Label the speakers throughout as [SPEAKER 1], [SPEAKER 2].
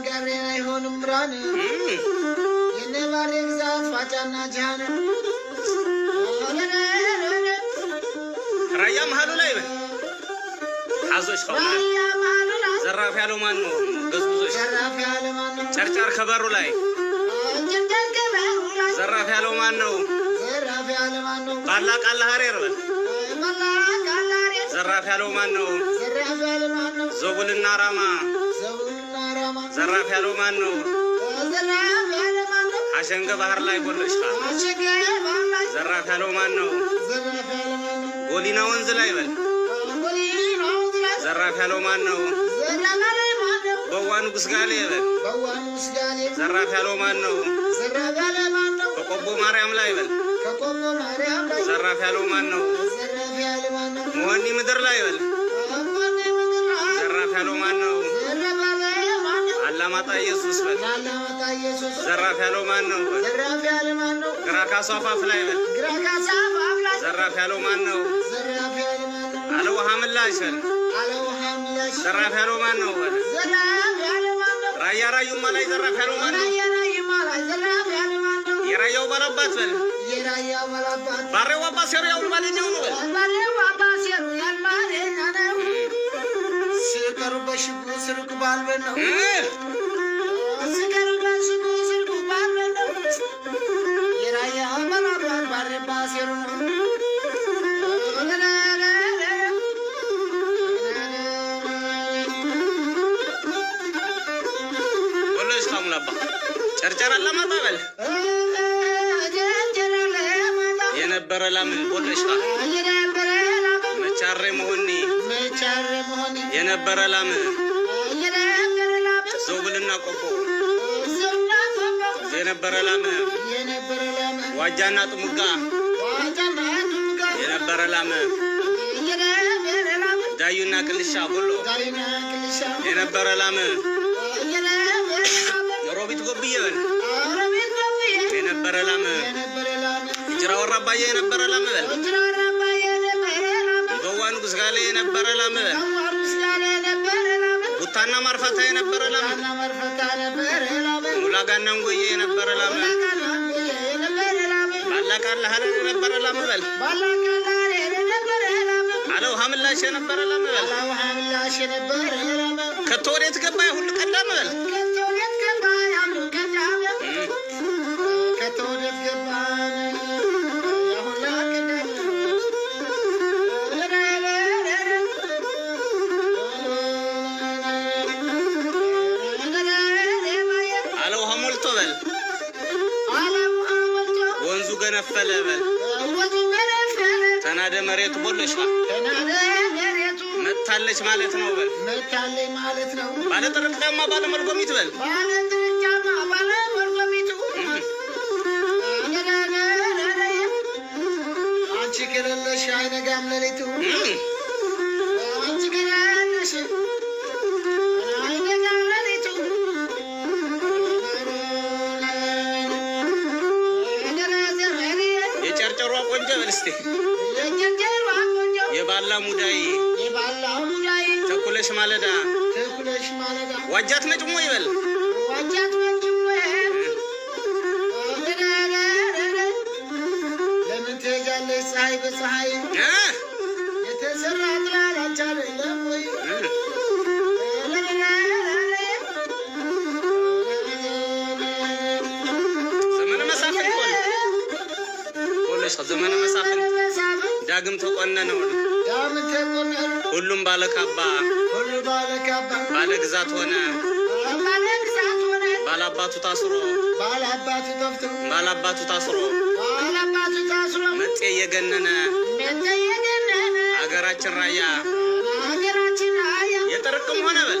[SPEAKER 1] ማጋሪያ አይሆንም ብራን የነባሬ ግዛት ዋጫና ጃን
[SPEAKER 2] ራያ መሀሉ ላይ በል አዞች ዘራፍ ያለው ማን ነው? ገዝጉዞች ጨርጨር ከበሩ ላይ ዘራፍ ያለው ማን ነው? ባላ ቃላ ሀሬር በል ዘራፍ ያለው ማን ነው? ዞቡልና ራማ ዘራፍ ያለው ማን ነው? አሸንገ ባህር ላይ ጎለሽ ዘራፍ ያለው ማን ነው? ጎሊና ወንዝ ላይ በል ዘራፍ ያለው ማን ነው? በዋ ንጉስ ጋሌ በል ዘራፍ ያለው ማን ነው? በቆቦ ማርያም ላይ በል ዘራፍ ያለው ማን ነው? መሆኒ ምድር ላይ በል ዘራፍ ያለው ማን ነው? ያላማጣ ኢየሱስ በል። ዘራፍ ያለው ማን ነው? ግራ ካሱ አፋፍ ላይ በል። ዘራፍ ያለው ማን ነው? አለውሃ ምላሽ በል። ዘራፍ ያለው ማን ነው? ራያ ራዩማ ላይ ዘራፍ ያለው ማን ነው? የራያው ባላባት በል። ባሬው አባ ያውል ማለት ነው
[SPEAKER 1] በል ሲገሩ በሽጉ ስርጉ ባልበን ነው ሲገሩ በሽጉ ስርጉ ባልበን ነው የራያ መራባል ባሬባ ሲሩ ነው
[SPEAKER 2] ጨርጨራ ለማጣ የነበረ ላምን ቦለሽታ መቻሬ መሆኔ የነበረ ላም ዞብልና ቆቦ የነበረ ላም ዋጃና ጥሙጋ የነበረ ላም ዳዩና ቅልሻ ሁሉ የነበረ ላም ሮቢት ጎብየን የነበረ ላም ጅራ የነበረ ላም በል ጋና ማርፈታ የነበረ ለምን ሙላ ጋና ንጎዬ የነበረ ላም ባላቃላ ሀረር የነበረ ላም በል አለው ሀምላሽ የነበረ ላም በል ከቶ ወዴት ገባ ሁሉ ቀላም በል ተናደ መሬቱ ቦለች መታለች ማለት ነው። በል
[SPEAKER 1] መታለች ማለት ነው።
[SPEAKER 2] ባለጥርቅጫማ ባለመርጎሚት በል
[SPEAKER 1] አንቺ ከሌለሽ አይነጋም ሌሊቱ እንበል እስቲ የባላ ሙዳይ
[SPEAKER 2] ተኩለሽ ማለዳ ዋጃት ነጭሞ ይበል
[SPEAKER 1] ለምን ትሄጃለሽ ፀሐይ በፀሐይ ተቆነነ ሁሉ
[SPEAKER 2] ሁሉም ባለካባ ባለግዛት ሆነ ባላባቱ ታስሮ ባላባቱ ታስሮ መጤ እየገነነ አገራችን ራያ የጥርቅም ሆነ በል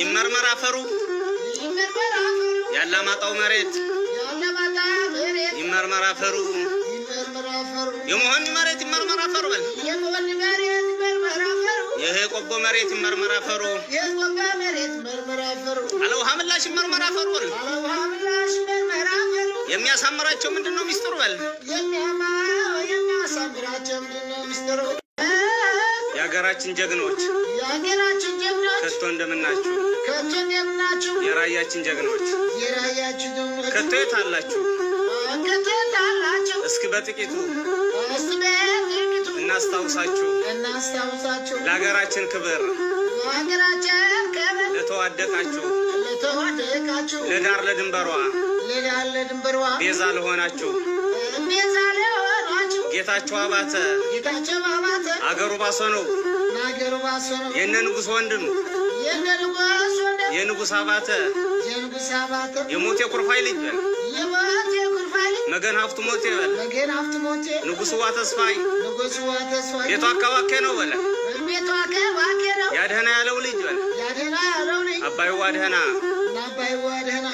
[SPEAKER 2] ይመርመር አፈሩ ያላማጣው መሬት ይመርመር አፈሩ የመሆን መሬት ይመርመር አፈሩ በል ይሄ ቆቦ መሬት ይመርመር አፈሩ አለ ውሃ ምላሽ ይመርመር አፈሩ በል የሚያሳምራቸው ምንድን ነው ሚስጥሩ በል የሀገራችን ጀግኖች
[SPEAKER 1] የሀገራችን ጀግኖች
[SPEAKER 2] ከቶ እንደምናችሁ
[SPEAKER 1] ከቶ እንደምናችሁ
[SPEAKER 2] የራያችን ጀግኖች
[SPEAKER 1] የራያችን ጀግኖች
[SPEAKER 2] ከቶ የት አላችሁ
[SPEAKER 1] ከቶ የት አላችሁ?
[SPEAKER 2] እስኪ በጥቂቱ
[SPEAKER 1] እስኪ በጥቂቱ
[SPEAKER 2] እናስታውሳችሁ
[SPEAKER 1] እናስታውሳችሁ
[SPEAKER 2] ለሀገራችን ክብር
[SPEAKER 1] ለሀገራችን ክብር
[SPEAKER 2] ለተዋደቃችሁ
[SPEAKER 1] ለተዋደቃችሁ
[SPEAKER 2] ለዳር ለድንበሯ
[SPEAKER 1] ለዳር ለድንበሯ
[SPEAKER 2] ቤዛ ለሆናችሁ ጌታቸው አባተ
[SPEAKER 1] ጌታቸው አባተ
[SPEAKER 2] አገሩ ባሶ ነው። የነ ንጉሥ ወንድም ነው የንጉሥ አባተ የሞቴ ኩርፋይ ልጅ
[SPEAKER 1] በል
[SPEAKER 2] መገን ሀብቱ ሞቴ በል ንጉሥ ዋ ተስፋይ ቤቷ አካባኬ ነው በለ ያድህና ያለው ልጅ በል አባይ ዋድህና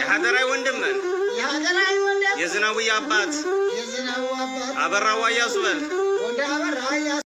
[SPEAKER 2] የሀገራዊ ወንድም በል የዝናውያ አባት አበራ ዋያሱ
[SPEAKER 1] በል